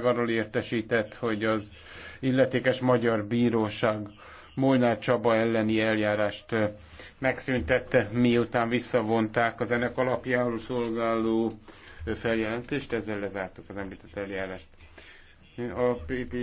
arról értesített, hogy az illetékes magyar bíróság Molnár Csaba elleni eljárást megszüntette, miután visszavonták az ennek alapjául szolgáló feljelentést, ezzel lezártuk az említett eljárást. A PP